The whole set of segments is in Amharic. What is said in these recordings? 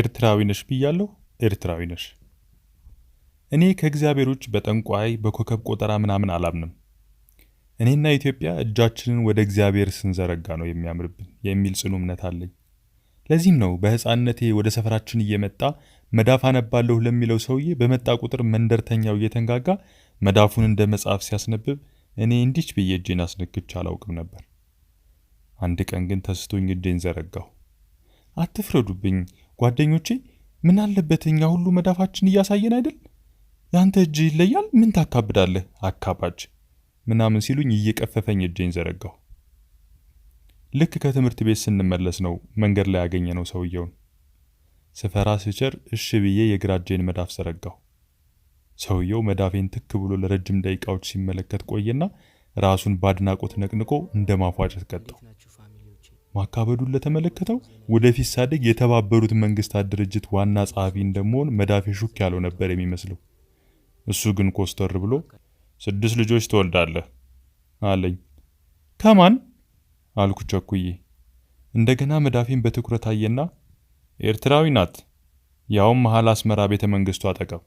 ኤርትራዊ ነሽ ብያለሁ። ኤርትራዊ ነሽ። እኔ ከእግዚአብሔር ውጭ በጠንቋይ በኮከብ ቆጠራ ምናምን አላምንም። እኔና ኢትዮጵያ እጃችንን ወደ እግዚአብሔር ስንዘረጋ ነው የሚያምርብን የሚል ጽኑ እምነት አለኝ። ለዚህም ነው በሕፃንነቴ ወደ ሰፈራችን እየመጣ መዳፍ አነባለሁ ለሚለው ሰውዬ በመጣ ቁጥር መንደርተኛው እየተንጋጋ መዳፉን እንደ መጽሐፍ ሲያስነብብ እኔ እንዲች ብዬ እጄን አስነክቼ አላውቅም ነበር። አንድ ቀን ግን ተስቶኝ እጄን ዘረጋሁ። አትፍረዱብኝ፣ ጓደኞቼ ምን አለበት እኛ ሁሉ መዳፋችን እያሳየን አይደል? ያንተ እጅ ይለያል፣ ምን ታካብዳለህ? አካባጅ ምናምን ሲሉኝ እየቀፈፈኝ እጄን ዘረጋሁ። ልክ ከትምህርት ቤት ስንመለስ ነው መንገድ ላይ ያገኘ ነው ሰውየውን። ስፈራ ስቸር እሺ ብዬ የግራ እጄን መዳፍ ዘረጋሁ። ሰውየው መዳፌን ትክ ብሎ ለረጅም ደቂቃዎች ሲመለከት ቆየና ራሱን በአድናቆት ነቅንቆ እንደ ማፏጨት ቀጠው። ማካበዱን ለተመለከተው ወደፊት ሳድግ የተባበሩት መንግስታት ድርጅት ዋና ጸሐፊ እንደመሆን መዳፌ ሹክ ያለው ነበር የሚመስለው። እሱ ግን ኮስተር ብሎ ስድስት ልጆች ትወልዳለህ አለኝ። ከማን አልኩ ቸኩዬ። እንደገና መዳፌን በትኩረት አየና ኤርትራዊ ናት፣ ያውም መሀል አስመራ ቤተ መንግስቱ አጠገብ።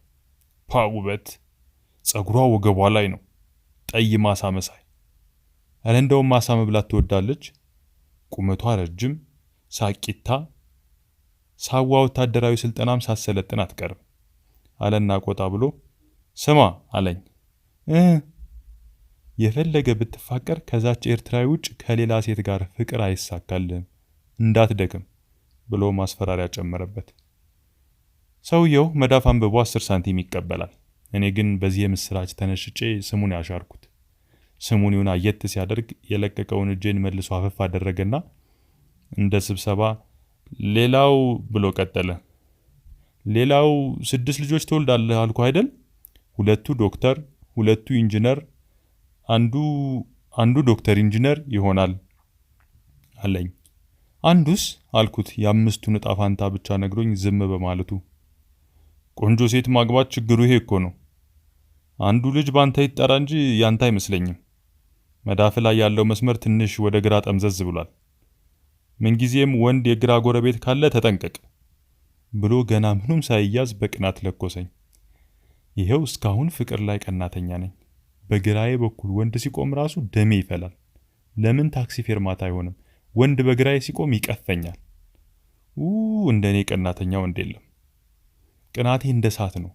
ፓ ውበት! ጸጉሯ ወገቧ ላይ ነው፣ ጠይ ማሳ መሳይ። አለ እንደውም ማሳ መብላት ትወዳለች ቁመቷ ረጅም፣ ሳቂታ ሳዋ ወታደራዊ ስልጠናም ሳሰለጥን አትቀርም አለና ቆጣ ብሎ ስማ አለኝ። የፈለገ ብትፋቀር ከዛች ኤርትራዊ ውጭ ከሌላ ሴት ጋር ፍቅር አይሳካልም እንዳትደክም ብሎ ማስፈራሪያ ጨመረበት። ሰውየው መዳፍ አንብቦ 10 ሳንቲም ይቀበላል። እኔ ግን በዚህ የምስራች ተነሽጬ ስሙን ያሻርኩት ሰሞኑን አየት ሲያደርግ የለቀቀውን እጄን መልሶ አፈፍ አደረገና እንደ ስብሰባ ሌላው ብሎ ቀጠለ። ሌላው ስድስት ልጆች ትወልዳለህ አልኩ አይደል? ሁለቱ ዶክተር፣ ሁለቱ ኢንጂነር፣ አንዱ አንዱ ዶክተር ኢንጂነር ይሆናል አለኝ። አንዱስ አልኩት የአምስቱን እጣ ፋንታ ብቻ ነግሮኝ ዝም በማለቱ። ቆንጆ ሴት ማግባት ችግሩ ይሄ እኮ ነው። አንዱ ልጅ ባንተ ይጠራ እንጂ ያንተ አይመስለኝም። መዳፍ ላይ ያለው መስመር ትንሽ ወደ ግራ ጠምዘዝ ብሏል። ምንጊዜም ወንድ የግራ ጎረቤት ካለ ተጠንቀቅ ብሎ ገና ምኑም ሳይያዝ በቅናት ለኮሰኝ። ይኸው እስካሁን ፍቅር ላይ ቀናተኛ ነኝ። በግራዬ በኩል ወንድ ሲቆም ራሱ ደሜ ይፈላል። ለምን ታክሲ ፌርማታ አይሆንም? ወንድ በግራዬ ሲቆም ይቀፈኛል። ው እንደ እኔ ቀናተኛ ወንድ የለም። ቅናቴ እንደ እሳት ነው።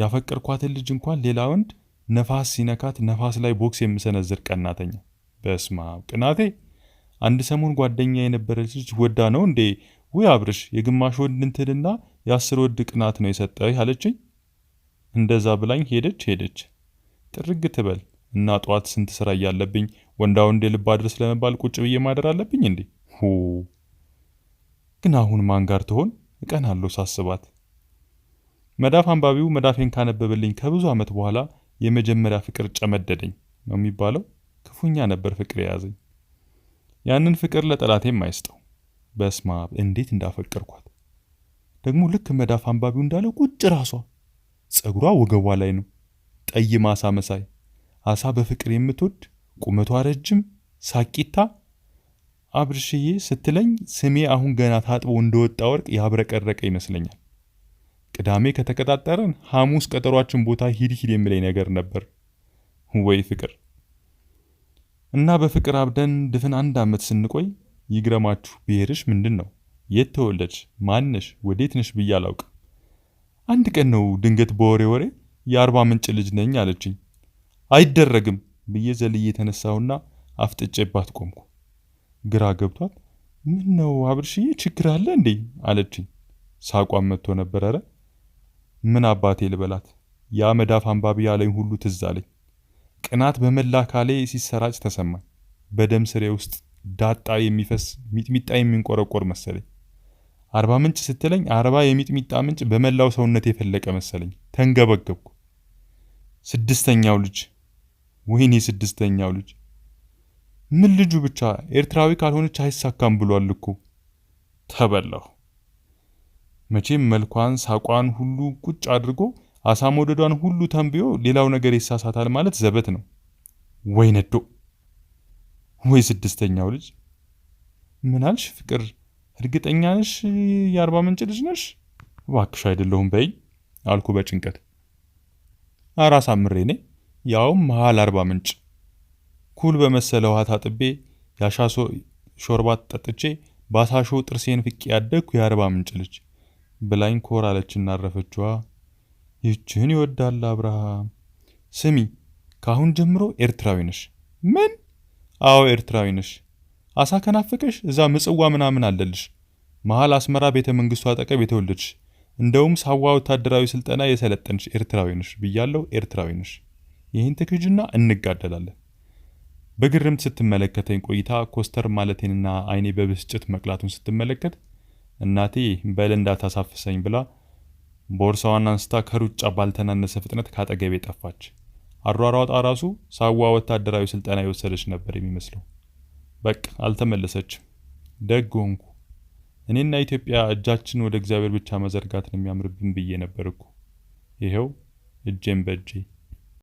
ያፈቀርኳትን ልጅ እንኳን ሌላ ወንድ ነፋስ ሲነካት ነፋስ ላይ ቦክስ የምሰነዝር ቀናተኛ። በስማ ቅናቴ! አንድ ሰሞን ጓደኛ የነበረች ልጅ ወዳ ነው እንዴ ውይ አብርሽ፣ የግማሽ ወንድ እንትንና የአስር ወድ ቅናት ነው የሰጠህ አለችኝ። እንደዛ ብላኝ ሄደች ሄደች። ጥርግ ትበል እና ጠዋት ስንት ስራ እያለብኝ ወንዳ ወንድ የልብ አድርስ ለመባል ቁጭ ብዬ ማደር አለብኝ እንዴ? ግን አሁን ማን ጋር ትሆን? እቀናለሁ ሳስባት። መዳፍ አንባቢው መዳፌን ካነበበልኝ ከብዙ ዓመት በኋላ የመጀመሪያ ፍቅር ጨመደደኝ ነው የሚባለው። ክፉኛ ነበር ፍቅር የያዘኝ። ያንን ፍቅር ለጠላቴም አይስጠው። በስማብ እንዴት እንዳፈቀርኳት ደግሞ ልክ መዳፍ አንባቢው እንዳለው ቁጭ ራሷ ጸጉሯ ወገቧ ላይ ነው። ጠይም አሳ መሳይ አሳ በፍቅር የምትወድ ቁመቷ ረጅም ሳቂታ አብርሽዬ ስትለኝ ስሜ አሁን ገና ታጥቦ እንደወጣ ወርቅ ያብረቀረቀ ይመስለኛል። ቅዳሜ ከተቀጣጠረን ሐሙስ ቀጠሯችን ቦታ ሂድ ሂድ የሚለኝ ነገር ነበር። ወይ ፍቅር! እና በፍቅር አብደን ድፍን አንድ ዓመት ስንቆይ ይግረማችሁ ብሔርሽ ምንድን ነው? የት ተወለድሽ? ማንሽ? ወዴት ነሽ ብዬ አላውቅም? አንድ ቀን ነው ድንገት በወሬ ወሬ የአርባ ምንጭ ልጅ ነኝ አለችኝ። አይደረግም ብዬ ዘልዬ የተነሳሁና አፍጥጬባት ቆምኩ። ግራ ገብቷት ምን ነው አብርሽዬ ችግር አለ እንዴ አለችኝ። ሳቋም መጥቶ ነበር። ኧረ ምን አባቴ ልበላት? ያ መዳፍ አንባቢ ያለኝ ሁሉ ትዝ አለኝ። ቅናት በመላ አካሌ ሲሰራጭ ተሰማኝ። በደም ስሬ ውስጥ ዳጣ የሚፈስ ሚጥሚጣ የሚንቆረቆር መሰለኝ። አርባ ምንጭ ስትለኝ አርባ የሚጥሚጣ ምንጭ በመላው ሰውነት የፈለቀ መሰለኝ። ተንገበገብኩ። ስድስተኛው ልጅ ወይኔ፣ ስድስተኛው ልጅ ምን ልጁ ብቻ ኤርትራዊ ካልሆነች አይሳካም ብሏል እኮ። ተበላሁ። መቼም መልኳን፣ ሳቋን ሁሉ ቁጭ አድርጎ አሳ መውደዷን ሁሉ ተንብዮ ሌላው ነገር ይሳሳታል ማለት ዘበት ነው ወይ ነዶ ወይ ስድስተኛው ልጅ ምናልሽ ፍቅር እርግጠኛ ነሽ የአርባ ምንጭ ልጅ ነሽ እባክሽ አይደለሁም በይ አልኩ በጭንቀት አራሳ ምሬ ኔ ያውም መሀል አርባ ምንጭ ኩል በመሰለ ውሃ ታጥቤ ያሻሶ ሾርባት ጠጥቼ ባሳሾ ጥርሴን ፍቄ ያደግኩ የአርባ ምንጭ ልጅ ብላኝ ኮር አለችና አረፈችዋ። ይህችን ይወዳል አብርሃም። ስሚ ከአሁን ጀምሮ ኤርትራዊ ነሽ። ምን? አዎ ኤርትራዊ ነሽ። አሳ ከናፈቀሽ እዛ ምጽዋ ምናምን አለልሽ። መሀል አስመራ ቤተ መንግስቱ አጠገብ የተወለድሽ እንደውም ሳዋ ወታደራዊ ስልጠና የሰለጠንሽ ኤርትራዊ ነሽ ብያለው። ኤርትራዊ ነሽ። ይህን ትክጅና እንጋደላለን። በግርምት ስትመለከተኝ ቆይታ ኮስተር ማለቴንና አይኔ በብስጭት መቅላቱን ስትመለከት እናቴ በል እንዳታሳፍሰኝ ብላ ቦርሳዋን አንስታ ከሩጫ ባልተናነሰ ፍጥነት ካጠገቤ ጠፋች። አሯሯጣ ራሱ ሳዋ ወታደራዊ ስልጠና የወሰደች ነበር የሚመስለው። በቅ አልተመለሰችም። ደግ ሆንኩ። እኔና ኢትዮጵያ እጃችን ወደ እግዚአብሔር ብቻ መዘርጋትን የሚያምርብን ብዬ ነበር እኮ። ይኸው እጄን በእጄ